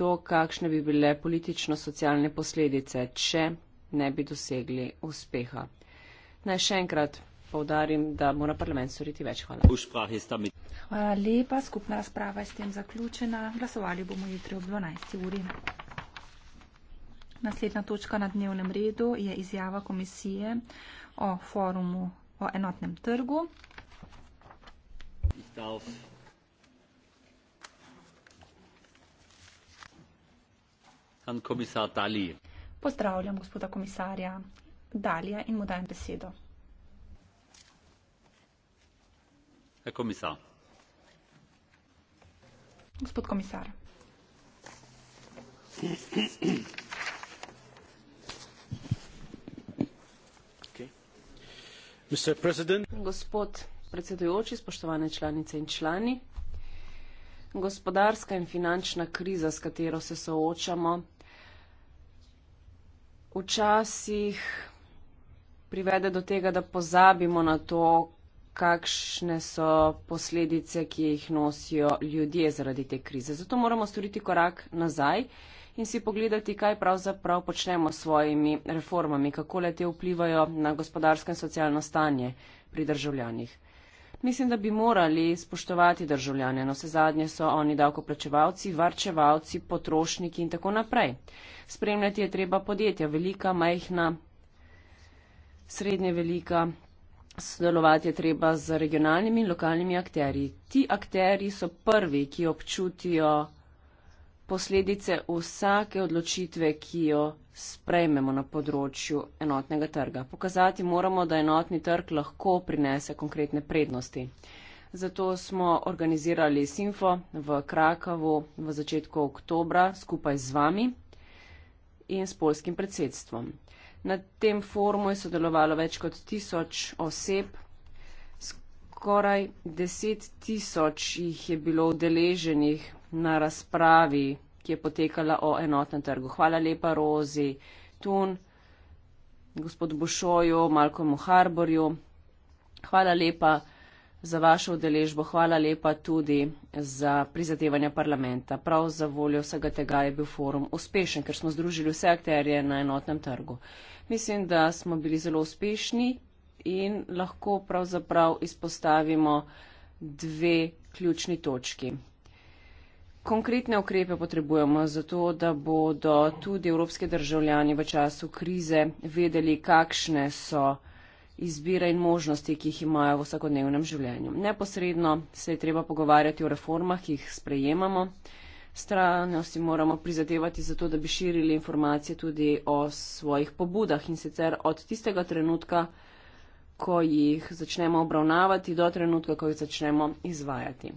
to, kakšne bi bile politično-socialne posledice, če ne bi dosegli uspeha. Naj še enkrat povdarim, da mora parlament storiti več. Hvala. Hvala lepa. Skupna razprava je s tem zaključena. Glasovali bomo jutri ob 12. uri. Naslednja točka na dnevnem redu je izjava komisije o forumu o enotnem trgu. Ich darf Pozdravljam gospoda komisarja Dalija in mu dajem besedo. Herr Kommissar. Gospod komisar. Gospod predsedujoči, spoštovane članice in člani, gospodarska in finančna kriza, s katero se soočamo, včasih privede do tega, da pozabimo na to, kakšne so posledice, ki jih nosijo ljudje zaradi te krize. Zato moramo storiti korak nazaj in si pogledati, kaj pravzaprav počnemo s svojimi reformami, kako le te vplivajo na gospodarsko in socialno stanje pri državljanih. Mislim, da bi morali spoštovati državljane, no vse zadnje so oni davkoplačevalci, varčevalci, potrošniki in tako naprej. Spremljati je treba podjetja, velika, majhna, srednje velika. Sodelovati je treba z regionalnimi in lokalnimi akteri. Ti akteri so prvi, ki občutijo posledice vsake odločitve, ki jo sprejmemo na področju enotnega trga. Pokazati moramo, da enotni trg lahko prinese konkretne prednosti. Zato smo organizirali Sinfo v Krakavu v začetku oktobra skupaj z vami in s polskim predsedstvom. Na tem forumu je sodelovalo več kot tisoč oseb, skoraj deset tisoč jih je bilo udeleženih na razpravi ki je potekala o enotnem trgu. Hvala lepa Rozi Tun, gospod Bušoju, Malcolmu Harborju. Hvala lepa za vašo udeležbo, hvala lepa tudi za prizadevanja parlamenta. Prav za voljo vsega tega je bil forum uspešen, ker smo združili vse akterje na enotnem trgu. Mislim, da smo bili zelo uspešni in lahko pravzaprav izpostavimo dve ključni točki konkretne ukrepe potrebujemo za to, da bodo tudi evropske državljani v času krize vedeli, kakšne so izbire in možnosti, ki jih imajo v vsakodnevnem življenju. Neposredno se je treba pogovarjati o reformah, ki jih sprejemamo. Strano si moramo prizadevati za to, da bi širili informacije tudi o svojih pobudah in sicer od tistega trenutka, ko jih začnemo obravnavati, do trenutka, ko jih začnemo izvajati.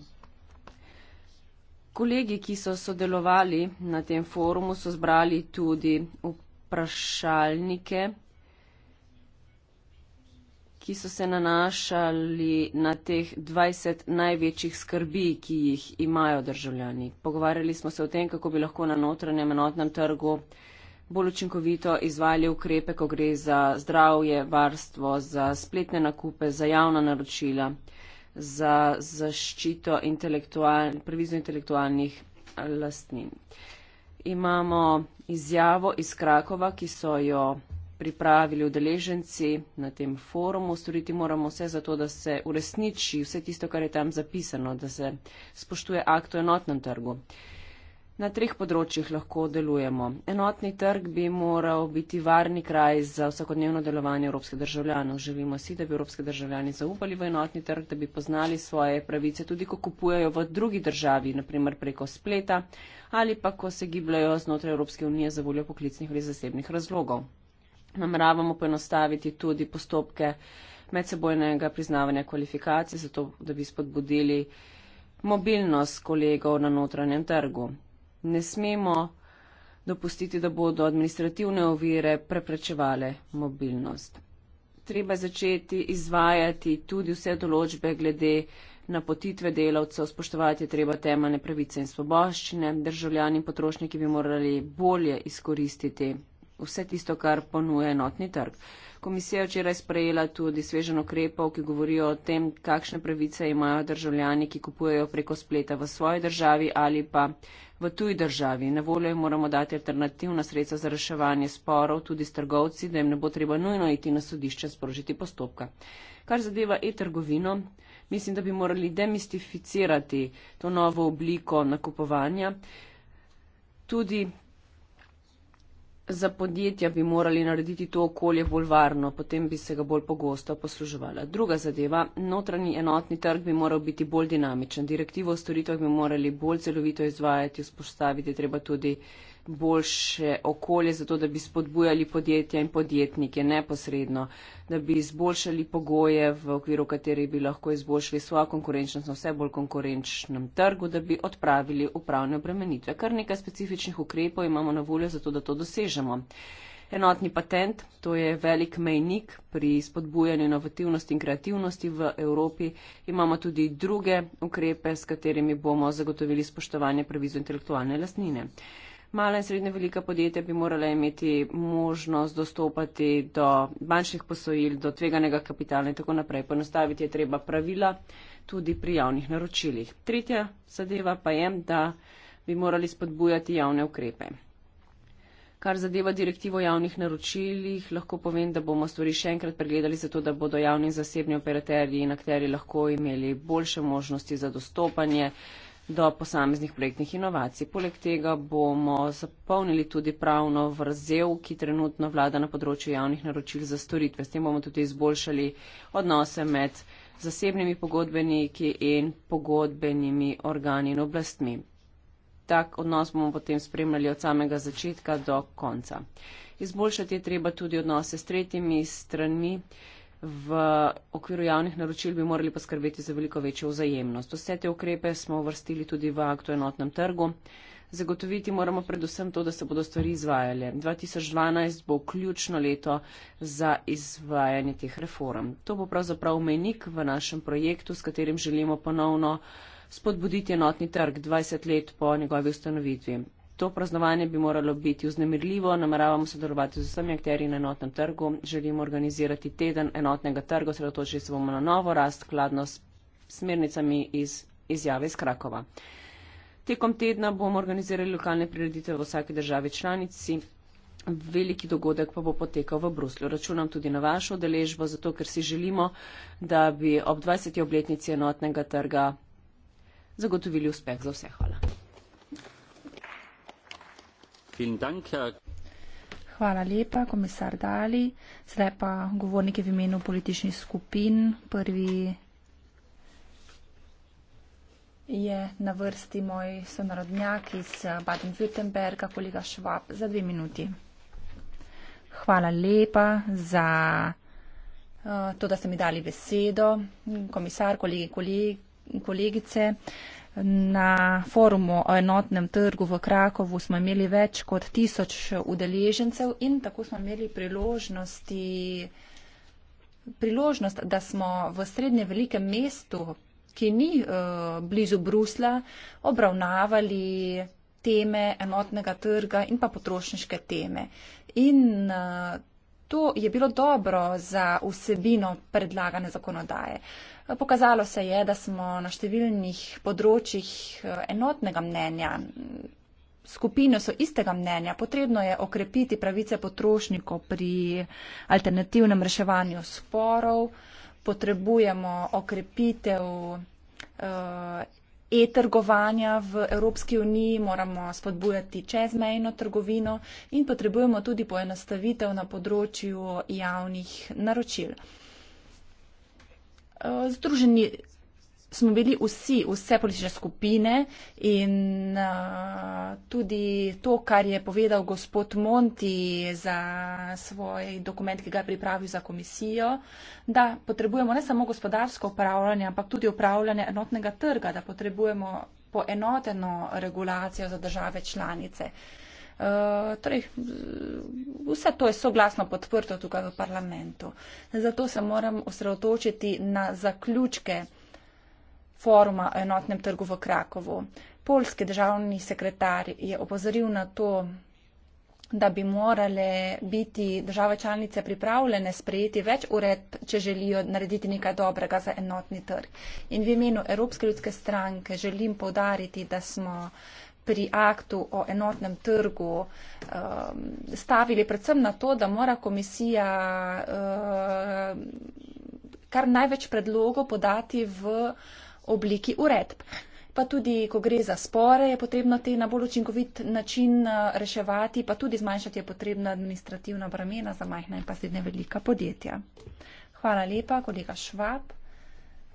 Kolegi, ki so sodelovali na tem forumu, so zbrali tudi vprašalnike, ki so se nanašali na teh 20 največjih skrbi, ki jih imajo državljani. Pogovarjali smo se o tem, kako bi lahko na notranjem enotnem trgu bolj učinkovito izvajali ukrepe, ko gre za zdravje, varstvo, za spletne nakupe, za javna naročila za zaščito intelektual, previzno intelektualnih eh, lastnin. Imamo izjavo iz Krakova, ki so jo pripravili udeleženci na tem forumu. Storiti moramo vse za to, da se uresniči vse tisto, kar je tam zapisano, da se spoštuje akt o enotnem trgu. Na treh področjih lahko delujemo. Enotni trg bi moral biti varni kraj za vsakodnevno delovanje evropskih državljanov. Želimo si, da bi evropski državljani zaupali v enotni trg, da bi poznali svoje pravice, tudi ko kupujajo v drugi državi, naprimer preko spleta ali pa ko se gibljajo znotraj Evropske unije za voljo poklicnih ali zasebnih razlogov. Namravamo poenostaviti tudi postopke medsebojnega priznavanja kvalifikacij, zato da bi spodbudili mobilnost kolegov na notranjem trgu ne smemo dopustiti, da bodo administrativne ovire preprečevale mobilnost. Treba začeti izvajati tudi vse določbe glede napotitve delavcev, spoštovati je treba temeljne pravice in svoboščine. Državljani in potrošniki bi morali bolje izkoristiti vse tisto, kar ponuja enotni trg. Komisija je včeraj sprejela tudi svežen okrepov, ki govorijo o tem, kakšne pravice imajo državljani, ki kupujejo preko spleta v svoji državi ali pa v tuji državi. Na voljo jim moramo dati alternativna sredstva za reševanje sporov, tudi s trgovci, da jim ne bo treba nujno iti na sodišče sprožiti postopka. Kar zadeva e-trgovino, mislim, da bi morali demistificirati to novo obliko nakupovanja. Tudi za podjetja bi morali narediti to okolje bolj varno, potem bi se ga bolj pogosto posluževala. Druga zadeva, notranji enotni trg bi moral biti bolj dinamičen. Direktivo o storitvah bi morali bolj celovito izvajati, vzpostaviti treba tudi boljše okolje, zato da bi spodbujali podjetja in podjetnike neposredno, da bi izboljšali pogoje, v okviru katerih bi lahko izboljšali svojo konkurenčnost na vse bolj konkurenčnem trgu, da bi odpravili upravne obremenitve. Kar nekaj specifičnih ukrepov imamo na voljo, zato da to dosežemo. Enotni patent, to je velik mejnik pri spodbujanju inovativnosti in kreativnosti v Evropi. Imamo tudi druge ukrepe, s katerimi bomo zagotovili spoštovanje pravizu intelektualne lasnine. Mala in srednje velika podjetja bi morala imeti možnost dostopati do bančnih posojil, do tveganega kapitala in tako naprej. Ponostaviti je treba pravila tudi pri javnih naročilih. Tretja zadeva pa je, da bi morali spodbujati javne ukrepe. Kar zadeva direktivo javnih naročilih, lahko povem, da bomo stvari še enkrat pregledali, zato da bodo javni in zasebni operaterji in akteri lahko imeli boljše možnosti za dostopanje do posameznih projektnih inovacij. Poleg tega bomo zapolnili tudi pravno vrzel, ki trenutno vlada na področju javnih naročil za storitve. S tem bomo tudi izboljšali odnose med zasebnimi pogodbeniki in pogodbenimi organi in oblastmi. Tak odnos bomo potem spremljali od samega začetka do konca. Izboljšati je treba tudi odnose s tretjimi stranmi v okviru javnih naročil bi morali poskrbeti za veliko večjo vzajemnost. Vse te ukrepe smo uvrstili tudi v aktu enotnem trgu. Zagotoviti moramo predvsem to, da se bodo stvari izvajale. 2012 bo ključno leto za izvajanje teh reform. To bo pravzaprav menik v našem projektu, s katerim želimo ponovno spodbuditi enotni trg 20 let po njegovi ustanovitvi. To praznovanje bi moralo biti vznemirljivo, nameravamo sodelovati z vsemi akteri na enotnem trgu, želimo organizirati teden enotnega trga, sredotočili se bomo na novo rast, skladno s smernicami iz izjave iz Krakova. Tekom tedna bomo organizirali lokalne prireditve v vsaki državi članici, veliki dogodek pa bo potekal v Bruslju. Računam tudi na vašo deležbo, zato ker si želimo, da bi ob 20. obletnici enotnega trga zagotovili uspeh za vse. Hvala. Hvala lepa, komisar Dali. Sedaj pa govornik je v imenu političnih skupin. Prvi je na vrsti moj sonarodnjak iz Baden-Württemberga, kolega Švab, za dve minuti. Hvala lepa za eh, to, da ste mi dali besedo. Komisar, kolegi, kolegice. Na forumu o enotnem trgu v Krakovu smo imeli več kot tisoč udeležencev in tako smo imeli priložnosti, priložnost, da smo v srednje velikem mestu, ki ni uh, blizu Brusla, obravnavali teme enotnega trga in pa potrošniške teme. In uh, to je bilo dobro za vsebino predlagane zakonodaje. Uh, Pokazalo se je, da smo na številnih področjih eh, enotnega mnenja. Skupine so istega mnenja. Potrebno je okrepiti pravice potrošnikov pri alternativnem reševanju sporov. Potrebujemo okrepitev uh, e-trgovanja v Evropski uniji, moramo spodbujati čezmejno trgovino in potrebujemo tudi poenostavitev na področju javnih naročil združeni smo bili vsi, vse politične skupine in tudi to, kar je povedal gospod Monti za svoj dokument, ki ga je pripravil za komisijo, da potrebujemo ne samo gospodarsko upravljanje, ampak tudi upravljanje enotnega trga, da potrebujemo poenoteno regulacijo za države članice. Eh, torej, vse to je soglasno podprto tukaj v parlamentu. Zato se moram osredotočiti na zaključke foruma o enotnem trgu v Krakovu. Polski državni sekretar je opozoril na to, da bi morale biti države članice pripravljene sprejeti več uredb, če želijo narediti nekaj dobrega za enotni trg. In v imenu Evropske ljudske stranke želim povdariti, da smo uh, pri aktu o enotnem trgu um, stavili predvsem na to, da mora komisija uh, kar največ predlogov podati v obliki uredb. Pa tudi, ko gre za spore, je potrebno te na bolj učinkovit način uh, reševati, pa tudi zmanjšati je potrebna administrativna bremena za majhna in pa srednje velika podjetja. Hvala lepa, kolega Švab.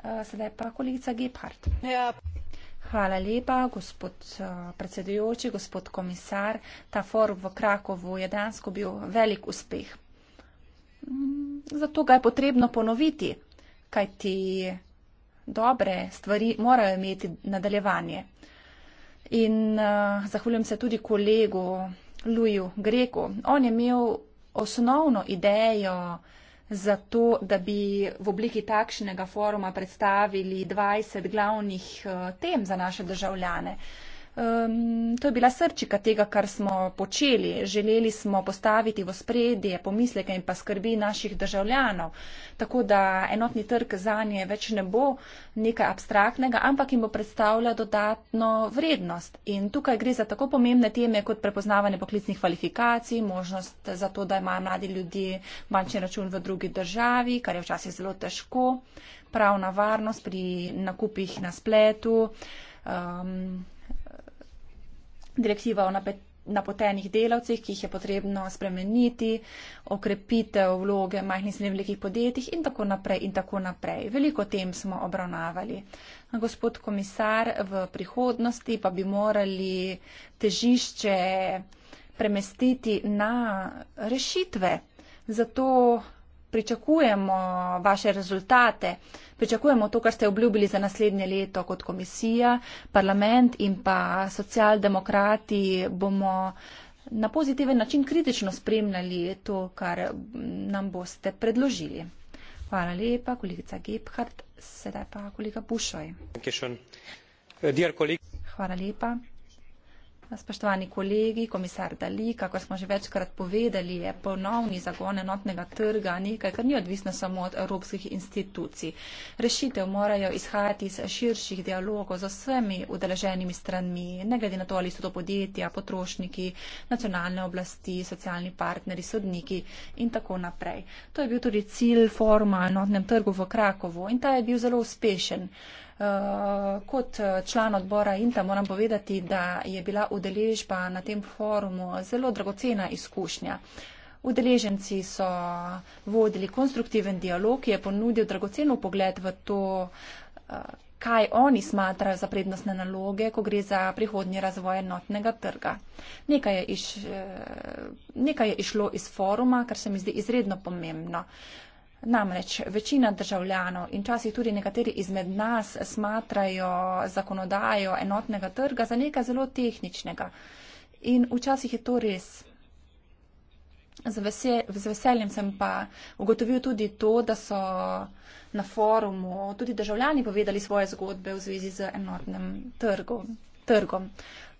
Uh, sedaj pa kolegica Gephardt. Yep. Ja. Hvala lepa, gospod uh, predsedujoči, gospod komisar. Ta forum v Krakovu je dansko bil velik uspeh. Mm, zato ga je potrebno ponoviti, kajti dobre stvari morajo imeti nadaljevanje. In uh, zahvaljujem se tudi kolegu Luju Greku. On je imel osnovno idejo uh, zato, da bi v obliki takšnega foruma predstavili 20 glavnih eh, tem za naše državljane. Um, to je bila srčika tega, kar smo počeli. Želeli smo postaviti v spredje pomisleke in pa skrbi naših državljanov, tako da enotni trg za nje več ne bo nekaj abstraktnega, ampak jim bo predstavlja dodatno vrednost. In tukaj gre za tako pomembne teme kot prepoznavanje poklicnih kvalifikacij, možnost za to, da imajo mladi ljudje bančni račun v drugi državi, kar je včasih zelo težko, pravna varnost pri nakupih na spletu. Um, direktiva o napet napotenih delavcih, ki jih je potrebno spremeniti, okrepitev vloge majhnih in velikih podjetij in tako naprej in tako naprej. Veliko tem smo obravnavali. Gospod komisar, v prihodnosti pa bi morali težišče premestiti na rešitve. Zato pričakujemo vaše rezultate, pričakujemo to, kar ste obljubili za naslednje leto kot komisija, parlament in pa socialdemokrati bomo na pozitiven način kritično spremljali to, kar nam boste predložili. Hvala lepa, kolegica Gebhardt, sedaj pa kolega Bušoj. Hvala lepa. Spoštovani kolegi, komisar Dali, kako smo že večkrat povedali, je ponovni zagon enotnega trga nekaj, kar ni odvisno samo od evropskih institucij. Rešitev morajo izhajati iz širših dialogov z vsemi udeleženimi stranmi, ne glede na to, ali so to podjetja, potrošniki, nacionalne oblasti, socialni partneri, sodniki in tako naprej. To je bil tudi cilj forma enotnem trgu v Krakovu in ta je bil zelo uspešen. Eh, kot eh, član odbora INTA moram povedati, da je bila udeležba na tem forumu zelo dragocena izkušnja. Udeleženci so vodili konstruktiven dialog, ki je ponudil dragocen pogled v to, eh, kaj oni smatrajo za prednostne naloge, ko gre za prihodnji razvoj enotnega trga. Nekaj je, iš, nekaj je išlo iz foruma, kar se mi zdi izredno pomembno. Namreč večina državljanov in časih tudi nekateri izmed nas smatrajo zakonodajo enotnega trga za nekaj zelo tehničnega. In včasih je to res. Z veseljem sem pa ugotovil tudi to, da so na forumu tudi državljani povedali svoje zgodbe v zvezi z enotnim trgom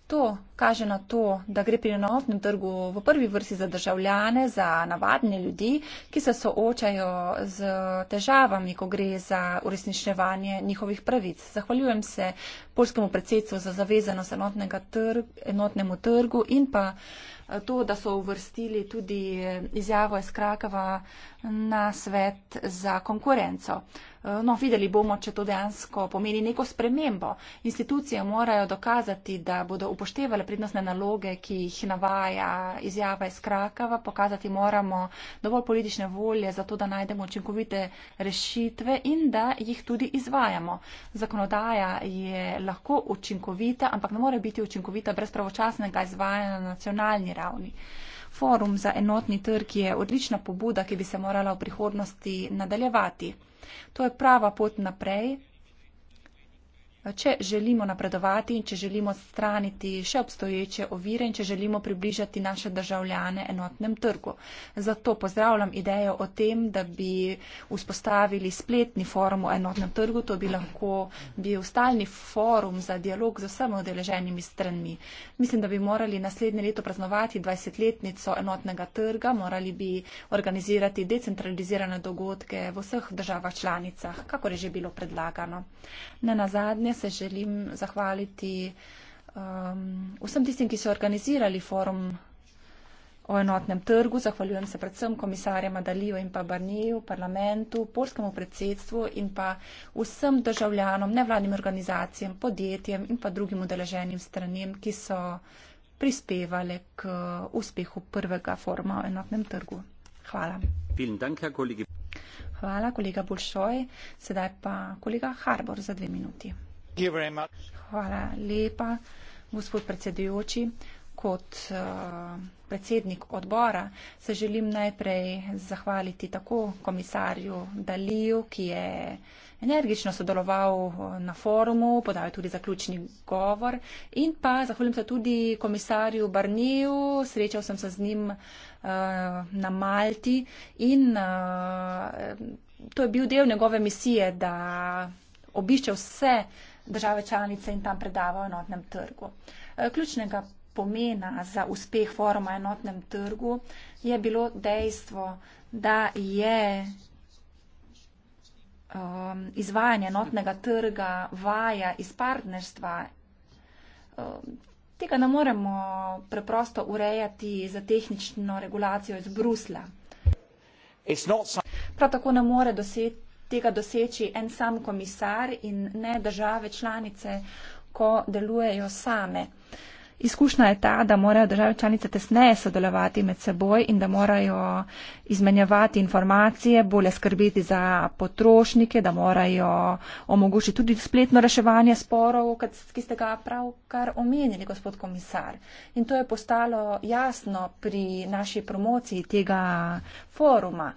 to kaže na to, da gre pri enotnem trgu v prvi vrsti za državljane, za navadne ljudi, ki se soočajo z težavami, ko gre za uresničevanje njihovih pravic. Zahvaljujem se polskemu predsedstvu za zavezanost trg, enotnemu trgu in pa eh, to, da so uvrstili tudi eh, izjavo iz Krakava eh, na svet za konkurenco. No, videli bomo, če to dejansko pomeni neko spremembo. Institucije morajo dokazati, da bodo upoštevali prednostne naloge, ki jih navaja izjava iz Krakava. Pokazati moramo dovolj politične volje za to, da najdemo učinkovite rešitve in da jih tudi izvajamo. Zakonodaja je lahko učinkovita, ampak ne more biti učinkovita brez pravočasnega izvajanja na nacionalni ravni. Forum za enotni trg je odlična pobuda, ki bi se morala v prihodnosti nadaljevati. To je prava pot naprej, Če želimo napredovati in če želimo straniti še obstoječe ovire in če želimo približati naše državljane enotnem trgu. Zato pozdravljam idejo o tem, da bi vzpostavili spletni forum o enotnem trgu. To bi lahko bil stalni forum za dialog z vsemi odeleženimi stranmi. Mislim, da bi morali naslednje leto praznovati 20-letnico enotnega trga, morali bi organizirati decentralizirane dogodke v vseh državah članicah, kako je že bilo predlagano. Na nazadnje zadnje se želim zahvaliti um, vsem tistim, ki so organizirali forum o enotnem trgu. Zahvaljujem se predvsem komisarja Madalijo in pa Barniju, parlamentu, polskemu predsedstvu in pa vsem državljanom, nevladnim organizacijam, podjetjem in pa drugim udeleženim stranem, ki so prispevali k uspehu prvega foruma o enotnem trgu. Hvala. Hvala, kolega Bolšoj. Sedaj pa kolega Harbor za dve minuti. Hvala lepa, gospod predsedujoči. Kot uh, predsednik odbora se želim najprej zahvaliti tako komisarju Daliju, ki je energično sodeloval eh, na forumu, podal je tudi zaključni govor in pa zahvalim se tudi komisarju Barniju, srečal sem se z njim uh, na Malti in uh, to je bil del njegove misije, da obišče vse uh, države članice in tam predava o enotnem trgu. E, ključnega pomena za uspeh foruma o enotnem trgu je bilo dejstvo, da je um, izvajanje enotnega trga vaja iz partnerstva. Um, tega ne moremo preprosto urejati za tehnično regulacijo iz Brusla. Prav tako ne more doseči tega doseči en sam komisar in ne države članice, ko delujejo same. Izkušnja je ta, da morajo države članice tesneje sodelovati med seboj in da morajo izmenjevati informacije, bolje skrbeti za potrošnike, da morajo omogočiti tudi spletno reševanje sporov, ki ste ga pravkar omenili, gospod komisar. In to je postalo jasno pri naši promociji tega foruma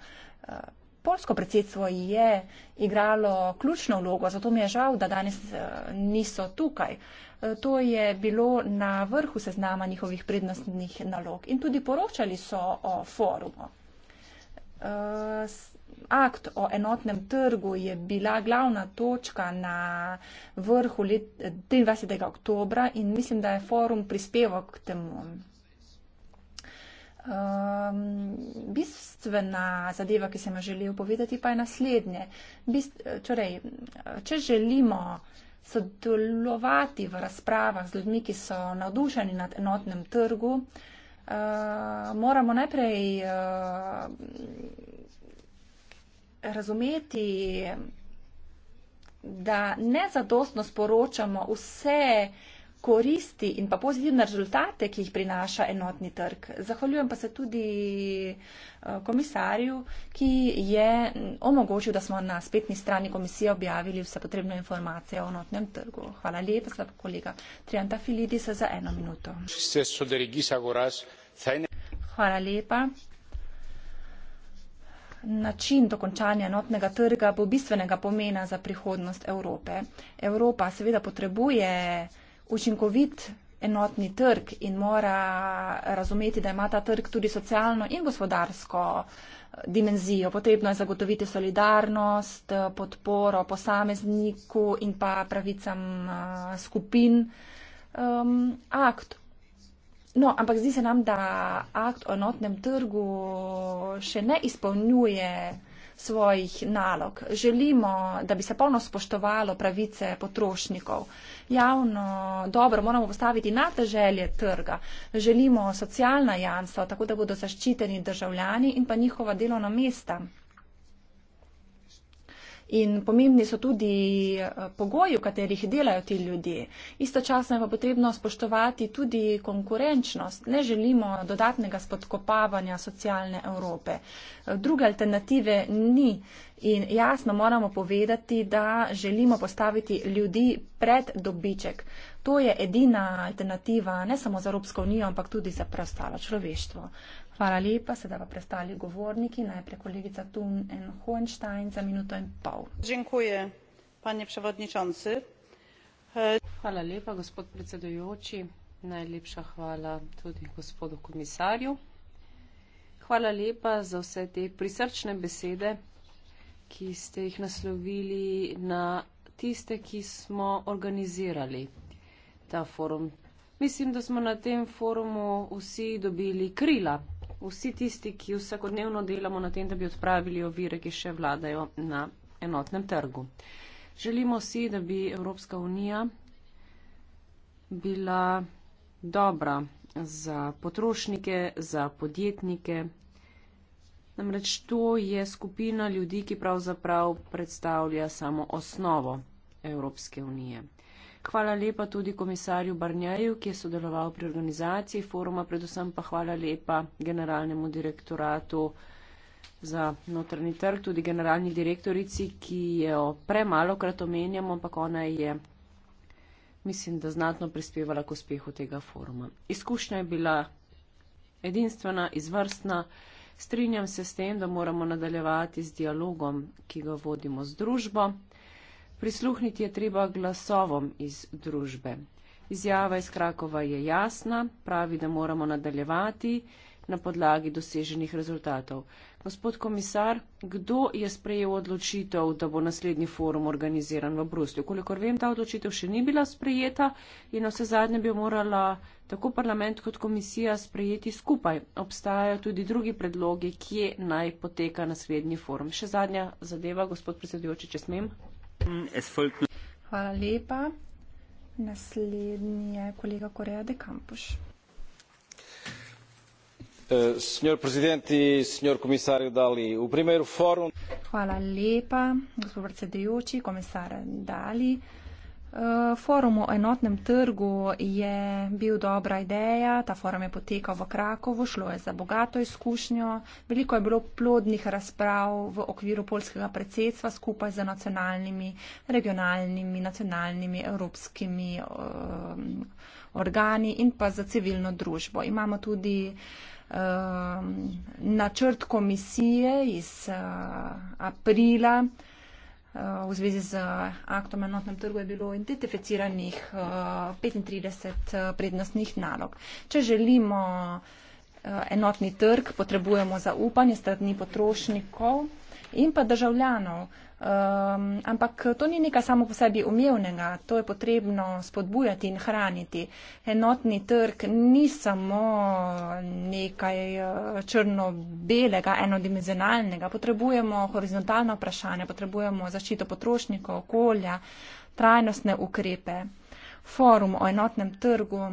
polsko predsedstvo je igralo ključno vlogo, zato mi je žal, da danes eh, niso tukaj. Eh, to je bilo na vrhu seznama njihovih prednostnih nalog in tudi poročali so o forumu. Eh, akt o enotnem trgu je bila glavna točka na vrhu let, 23. oktobra in mislim, da je forum prispeval k temu. Um, bistvena zadeva, ki sem jo želel povedati, pa je naslednje. Bist, torej, če želimo sodelovati v razpravah z ljudmi, ki so navdušeni nad enotnem trgu, uh, moramo najprej uh, razumeti, da nezadostno sporočamo vse uh, koristi in pa pozitivne rezultate, ki jih prinaša enotni trg. Zahvaljujem pa se tudi eh, komisarju, ki je omogočil, da smo na spetni strani komisije objavili vse potrebne informacije o enotnem trgu. Hvala lepa, slab kolega Trianta Filidisa, za eno minuto. Hvala lepa. Način dokončanja enotnega trga bo bistvenega pomena za prihodnost Evrope. Evropa seveda potrebuje učinkovit enotni trg in mora razumeti, da ima ta trg tudi socialno in gospodarsko eh, dimenzijo. Potrebno je zagotoviti solidarnost, eh, podporo posamezniku in pa pravicam eh, skupin um, akt. No, ampak zdi se nam, da akt o enotnem trgu še ne izpolnjuje svojih nalog. Želimo, da bi se polno spoštovalo pravice potrošnikov. Javno dobro moramo postaviti na te želje trga. Želimo socialna jamstva, tako da bodo zaščiteni državljani in pa njihova delovna mesta. In pomembni so tudi eh, pogoji, v katerih delajo ti ljudje. Istočasno je pa potrebno spoštovati tudi konkurenčnost. Ne želimo dodatnega spodkopavanja socialne Evrope. Eh, druge alternative ni. In jasno moramo povedati, da želimo postaviti ljudi pred dobiček. To je edina alternativa ne samo za Evropsko unijo, ampak tudi za preostalo človeštvo. Hvala lepa, sedaj pa prestali govorniki, najprej kolegica Tun in Hohenstein za minuto in pol. Dziękuję, panie przewodniczący. Hvala lepa, gospod predsedujoči, najlepša hvala tudi gospodu komisarju. Hvala lepa za vse te prisrčne besede, ki ste jih naslovili na tiste, ki smo organizirali ta forum. Mislim, da smo na tem forumu vsi dobili krila vsi tisti, ki vsakodnevno delamo na tem, da bi odpravili ovire, ki še vladajo na enotnem trgu. Želimo si, da bi Evropska unija bila dobra za potrošnike, za podjetnike. Namreč to je skupina ljudi, ki pravzaprav predstavlja samo osnovo Evropske unije. Hvala lepa tudi komisarju Barnjeju, ki je sodeloval pri organizaciji foruma, predvsem pa hvala lepa generalnemu direktoratu za notrni trg, tudi generalni direktorici, ki jo premalo krat omenjamo, ampak ona je, mislim, da znatno prispevala k uspehu tega foruma. Izkušnja je bila edinstvena, izvrstna. Strinjam se s tem, da moramo nadaljevati z dialogom, ki ga vodimo z družbo. Prisluhniti je treba glasovom iz družbe. Izjava iz Krakova je jasna, pravi, da moramo nadaljevati na podlagi doseženih rezultatov. Gospod komisar, kdo je sprejel odločitev, da bo naslednji forum organiziran v Bruslju? Kolikor vem, ta odločitev še ni bila sprejeta in vse zadnje bi morala tako parlament kot komisija sprejeti skupaj. Obstajajo tudi drugi predlogi, kje naj poteka naslednji forum. Še zadnja zadeva, gospod predsedujoči, če smem. Hvala lepa. Naslednji je kolega Koreja de Campos. Eh, Hvala lepa, gospod predsedujoči, komisar Dali. Forum o enotnem trgu je bil dobra ideja, ta forum je potekal v Krakovu, šlo je za bogato izkušnjo, veliko je bilo plodnih razprav v okviru polskega predsedstva skupaj z nacionalnimi, regionalnimi, nacionalnimi, evropskimi uh, organi in pa za civilno družbo. Imamo tudi uh, načrt komisije iz uh, aprila v zvezi z aktom na enotnem trgu je bilo identificiranih 35 eh, eh, prednostnih nalog. Če želimo eh, enotni trg, potrebujemo zaupanje strani potrošnikov in pa državljanov. Um, ampak to ni nekaj samo po sebi umevnega, to je potrebno spodbujati in hraniti. Enotni trg ni samo nekaj eh, črno-belega, enodimenzionalnega, potrebujemo horizontalno vprašanje, potrebujemo zaščito potrošnikov, okolja, trajnostne ukrepe. Forum o enotnem trgu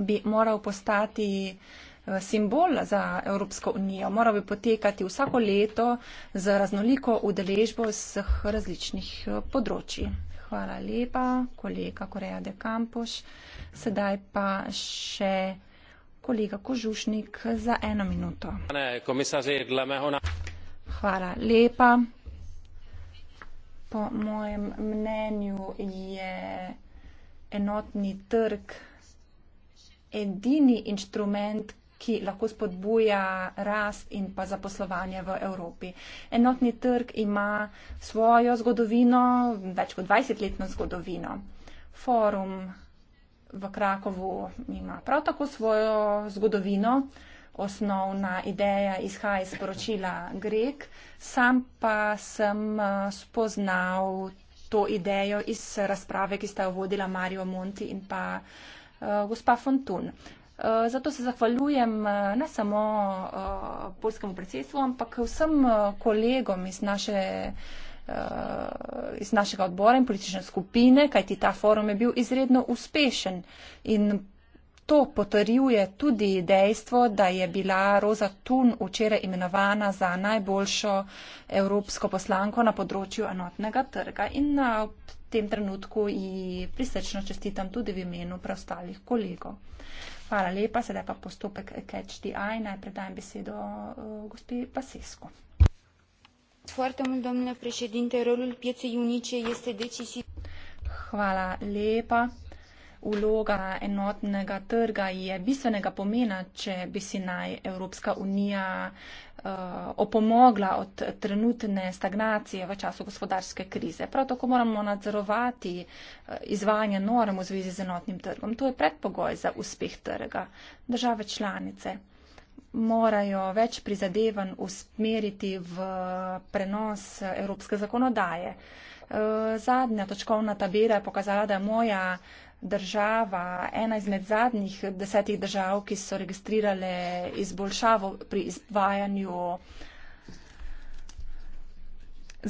bi moral postati. Uh, simbol za Evropsko unijo. Moral bi potekati vsako leto z raznoliko udeležbo vseh različnih eh, področji. Hvala lepa, kolega Koreja de Campoš. Sedaj pa še kolega Kožušnik za eno minuto. Hvala lepa. Po mojem mnenju je enotni trg edini inštrument, ki lahko spodbuja rast in pa zaposlovanje v Evropi. Enotni trg ima svojo zgodovino, več kot 20-letno zgodovino. Forum v Krakovu ima prav tako svojo zgodovino. Osnovna ideja izhaja iz poročila Grek, sam pa sem eh, spoznal to idejo iz razprave, ki sta jo vodila Mario Monti in pa uh, gospa Fontun. Eh, zato se zahvaljujem eh, ne samo eh, polskemu predsedstvu, ampak vsem kolegom iz, naše, iz našega odbora in politične skupine, kajti ta forum je bil izredno uspešen. In to potrjuje tudi dejstvo, da je bila Roza Tun včeraj imenovana za najboljšo evropsko poslanko na področju enotnega trga. In v tem trenutku ji prisrčno čestitam tudi v imenu preostalih kolegov. Hvala lepa, sedaj pa postopek catch the eye. Naj predajem besedo uh, eh, gospi Pasesko. Foarte mult, domnule președinte, rolul pieței unice este decisiv. Hvala lepa vloga enotnega trga je bistvenega pomena, če bi si naj Evropska unija eh, opomogla od trenutne stagnacije v času gospodarske krize. Prav tako moramo nadzorovati eh, izvajanje norem v zvezi z enotnim trgom. To je predpogoj za uspeh trga. Države članice morajo več prizadevanj usmeriti v prenos evropske zakonodaje. Uh, Eh, zadnja točkovna tabela je pokazala, da je moja država ena izmed zadnjih desetih držav, ki so registrirale izboljšavo pri izvajanju eh,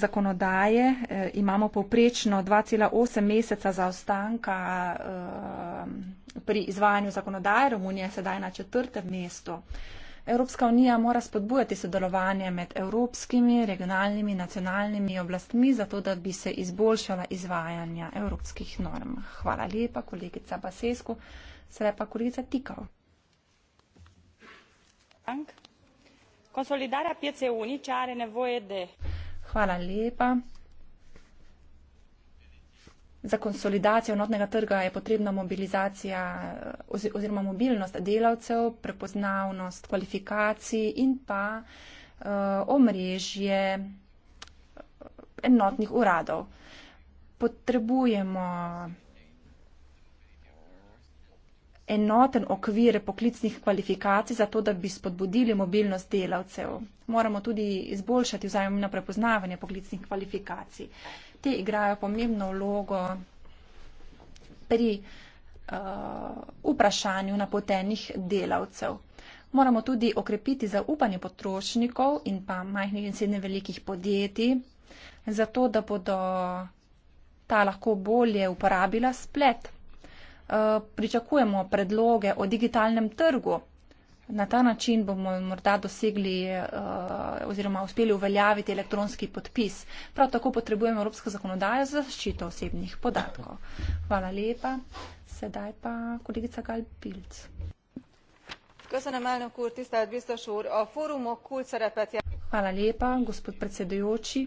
zakonodaje. Eh, imamo povprečno 2,8 meseca zaostanka pri izvajanju zakonodaje. Romunija je sedaj na četrtem mestu. Evropska unija mora spodbujati sodelovanje med evropskimi, regionalnimi, nacionalnimi oblastmi, zato da bi se izboljšala izvajanja evropskih norm. Hvala lepa, kolegica Basesku. Sedaj pa kolegica Tikov. Konsolidara PC Uniča, Rene Vojede. Hvala lepa. Za konsolidacijo notnega trga je potrebna mobilizacija eh, oziroma mobilnost delavcev, prepoznavnost kvalifikacij in pa uh, omrežje eh, enotnih uradov. Potrebujemo enoten okvir poklicnih kvalifikacij za to, da bi spodbudili mobilnost delavcev. Moramo tudi izboljšati vzajemno prepoznavanje poklicnih kvalifikacij. Uh, te igrajo pomembno vlogo pri uh, vprašanju napotenih delavcev. Moramo tudi okrepiti zaupanje potrošnikov in pa majhnih in srednje velikih podjetij, zato da bodo ta lahko bolje uporabila splet. Eh, pričakujemo predloge o digitalnem trgu, Na ta način bomo morda dosegli eh, oziroma uspeli uveljaviti elektronski podpis. Prav tako potrebujemo Evropsko zakonodajo za zaščito osebnih podatkov. Hvala lepa. Sedaj pa kolegica Galpilc. Köszönöm, elnök úr, tisztelt biztos úr! A fórumok kult szerepet jel... Hvala lepa, gospod predsedujoči.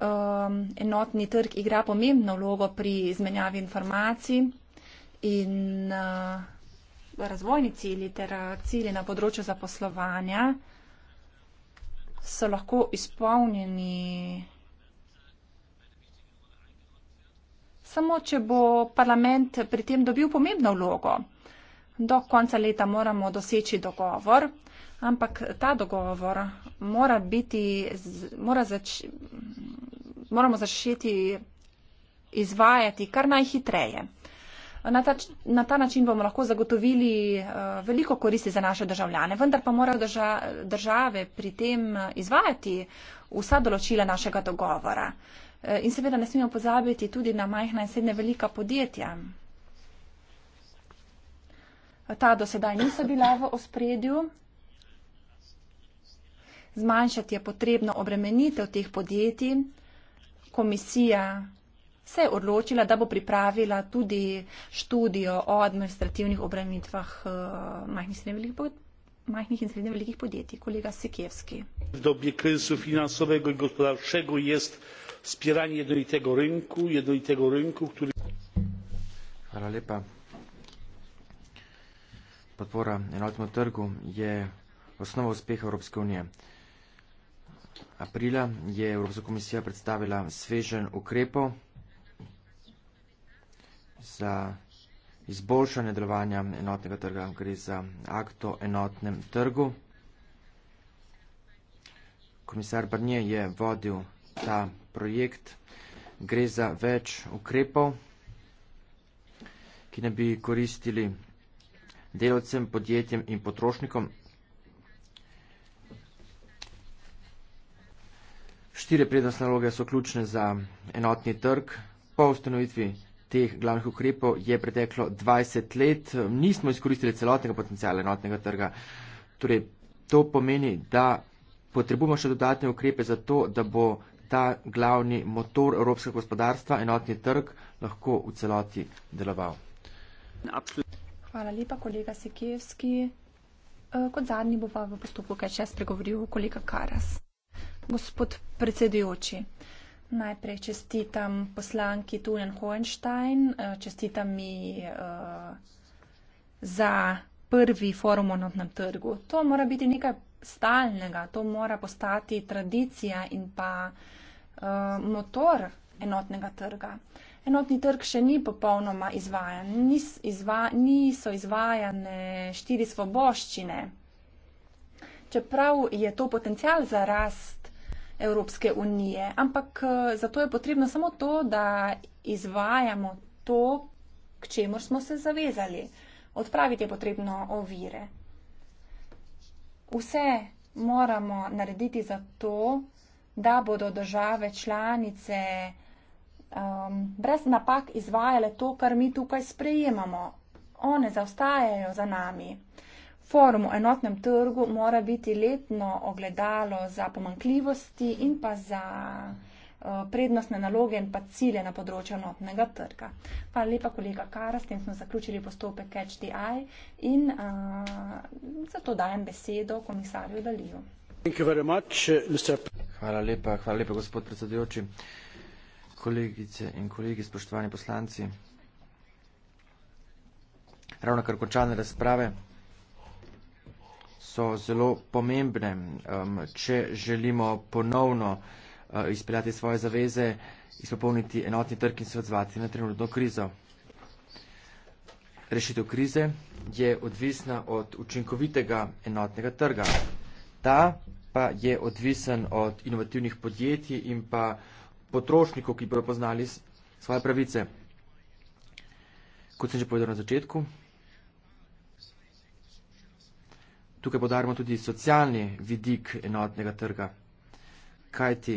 Um, enotni trg igra pomembno vlogo pri izmenjavi informacij in uh, razvojni cilji ter eh, cilji na področju zaposlovanja so lahko izpolnjeni samo, če bo parlament pri tem dobil pomembno vlogo. Do konca leta moramo doseči dogovor, ampak ta dogovor mora biti, mora zač, moramo začeti izvajati kar najhitreje. Na ta, na ta način bomo lahko zagotovili eh, veliko koristi za naše državljane, vendar pa morajo drža, države pri tem eh, izvajati vsa določila našega dogovora. Eh, in seveda ne smemo pozabiti tudi na majhna in srednja velika podjetja. Ta do sedaj niso bila v ospredju. Zmanjšati je potrebno obremenitev teh podjetij. Komisija se je odločila, da bo pripravila tudi študijo o administrativnih obremenitvah eh, majhnih srednjih podjetij majhnih in srednje velikih podjetij. Kolega Sikevski. V dobie kryzysu finansowego i gospodarczego jest wspieranie jednolitego rynku, jednolitego rynku, który... Hvala lepa. Podpora enotnemu trgu je osnova uspeha Evropske unije. Aprila je Evropska komisija predstavila svežen ukrepov, za izboljšanje delovanja enotnega trga, gre za akt o enotnem trgu. Komisar Barnier je vodil ta projekt, gre za več ukrepov, ki ne bi koristili delovcem, podjetjem in potrošnikom. Štire prednostne naloge so ključne za enotni trg. Po ustanovitvi teh glavnih ukrepov je preteklo 20 let, nismo izkoristili celotnega potencijala enotnega trga. Torej, to pomeni, da potrebujemo še dodatne ukrepe za to, da bo ta glavni motor evropskega gospodarstva, enotni trg, lahko v celoti deloval. Hvala lepa, kolega Sikevski. E, kot zadnji bo pa v postopku kaj še spregovoril kolega Karas. Gospod predsedujoči. Najprej čestitam poslanki Tunjan Hohenstein, eh, čestitam mi uh, eh, za prvi forum o notnem trgu. To mora biti nekaj stalnega, to mora postati tradicija in pa uh, motor enotnega trga. Enotni trg še ni popolnoma izvajan, Nis, izva, niso izvajane štiri svoboščine. Čeprav je to potencial za rast Evropske unije. Ampak eh, zato je potrebno samo to, da izvajamo to, k čemu smo se zavezali. Odpraviti je potrebno ovire. Vse moramo narediti za to, da bodo države članice um, brez napak izvajale to, kar mi tukaj sprejemamo. One zaostajajo za nami. Forum o enotnem trgu mora biti letno ogledalo za pomankljivosti in pa za eh, prednostne naloge in pa cilje na področju enotnega trga. Hvala lepa, kolega Kara, s tem smo zaključili postopek CatchDI in a, eh, zato dajem besedo komisarju Daliju. Eh, hvala lepa, hvala lepa, gospod predsedujoči, kolegice in kolegi, spoštovani poslanci. Ravno kar končane razprave so zelo pomembne, um, če želimo ponovno uh, izpeljati svoje zaveze, izpopolniti enotni trg in se odzvati na trenutno krizo. Rešitev krize je odvisna od učinkovitega enotnega trga. Ta pa je odvisen od inovativnih podjetij in pa potrošnikov, ki bodo poznali svoje pravice. Kot sem že povedal na začetku, Tukaj podarimo tudi socialni vidik enotnega trga. Kaj ti?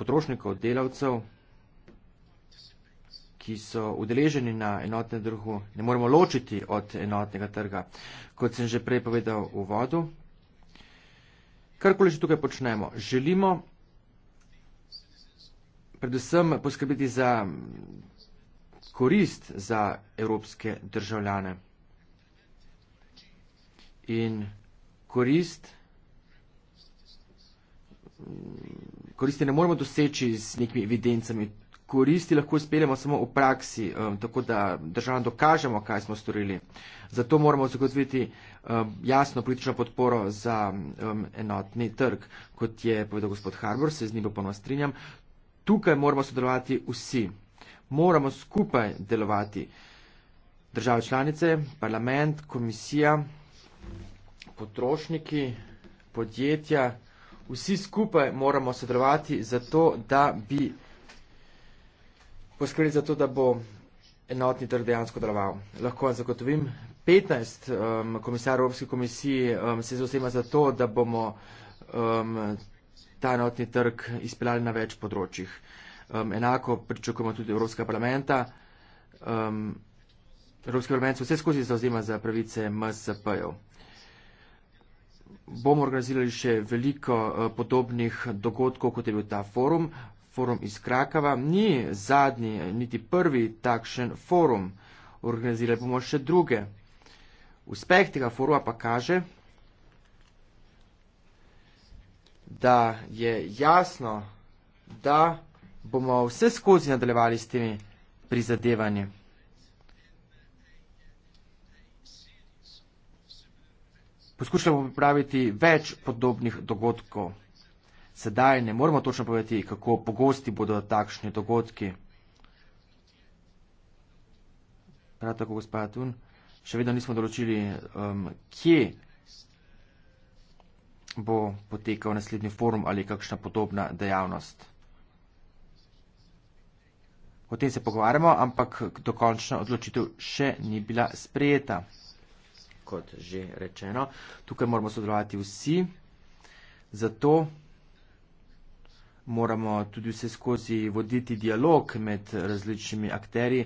Potrošnikov, delavcev, ki so udeleženi na enotnem trgu, ne moremo ločiti od enotnega trga. Kot sem že prej povedal v vodu, karkoli že tukaj počnemo, želimo predvsem poskrbeti za korist za evropske državljane. In korist, koristi ne moramo doseči z nekimi evidencami, koristi lahko izpeljemo samo v praksi, um, tako da državam dokažemo, kaj smo storili. Zato moramo zagotoviti um, jasno politično podporo za um, enotni trg, kot je povedal gospod Harbor, se z njim popolnoma strinjam. Tukaj moramo sodelovati vsi moramo skupaj delovati. Države članice, parlament, komisija, potrošniki, podjetja, vsi skupaj moramo sodelovati za to, da bi poskrbeli za to, da bo enotni trg dejansko deloval. Lahko vam zagotovim, 15 um, komisarjev Evropske komisije um, se zauzema za to, da bomo um, ta enotni trg izpeljali na več področjih. Um, enako pričakujemo tudi Evropska parlamenta. Um, Evropski parlament se vse skozi zauzema za pravice MSP-jev. Bomo organizirali še veliko uh, podobnih dogodkov, kot je bil ta forum, forum iz Krakava. Ni zadnji, niti prvi takšen forum. Organizirali bomo še druge. Uspeh tega foruma pa kaže, da je jasno, da bomo vse skozi nadaljevali s temi prizadevanji. Poskušamo pripraviti več podobnih dogodkov. Sedaj ne moremo točno povedati, kako pogosti bodo takšni dogodki. Prav tako, gospod Tun, še vedno nismo določili, um, kje bo potekal naslednji forum ali kakšna podobna dejavnost. O tem se pogovarjamo, ampak dokončna odločitev še ni bila sprejeta. Kot že rečeno, tukaj moramo sodelovati vsi, zato moramo tudi vse skozi voditi dialog med različnimi akteri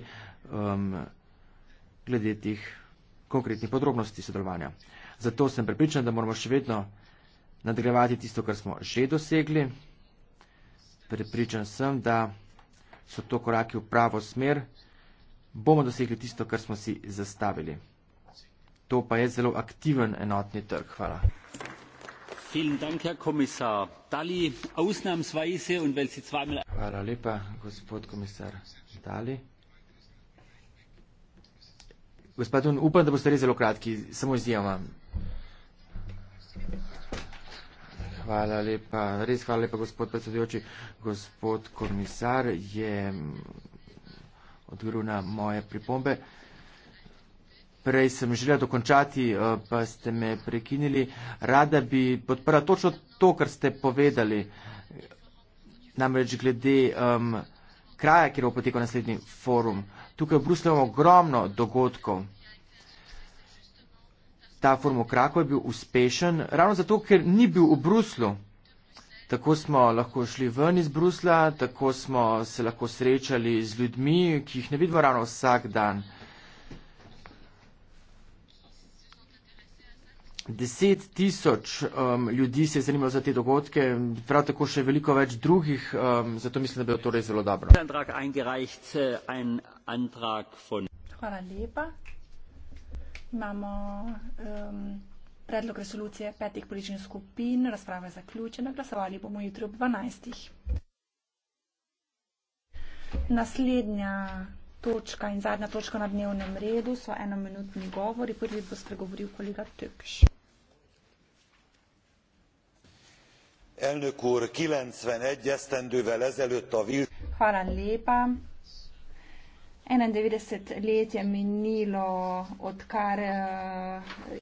um, glede tih konkretnih podrobnosti sodelovanja. Zato sem prepričan, da moramo še vedno nadgrevati tisto, kar smo že dosegli. Prepričan sem, da so to koraki v pravo smer, bomo dosegli tisto, kar smo si zastavili. To pa je zelo aktiven enotni trg. Hvala. Dank, Herr Dali, und wenn Sie zweimal... Hvala lepa, gospod komisar Dali. Gospod Dun, upam, da boste res zelo kratki, samo izjema. Hvala lepa. Res hvala lepa, gospod predsedujoči. Gospod komisar je mm, odgovoril na moje pripombe. Prej sem želela dokončati, eh, pa ste me prekinili. Rada bi podprla točno to, kar ste povedali. Namreč glede um, kraja, kjer bo potekal naslednji forum. Tukaj v Bruslju imamo ogromno dogodkov ta formokrako je bil uspešen, ravno zato, ker ni bil v Bruslu. Tako smo lahko šli ven iz Brusla, tako smo se lahko srečali z ljudmi, ki jih ne vidimo ravno vsak dan. Deset tisoč um, ljudi se je zanimalo za te dogodke, prav tako še veliko več drugih, um, zato mislim, da bi bilo to res zelo dobro. Äh, Hvala lepa imamo um, predlog resolucije petih političnih skupin, razprava je zaključena, glasovali bomo jutri ob 12. Naslednja točka in zadnja točka na dnevnem redu so enominutni govori. Prvi bo spregovoril kolega Tökes. Elnök úr, 91 esztendővel ezelőtt a vil... Hvala lepa. 91 let je minilo, odkar. Eh,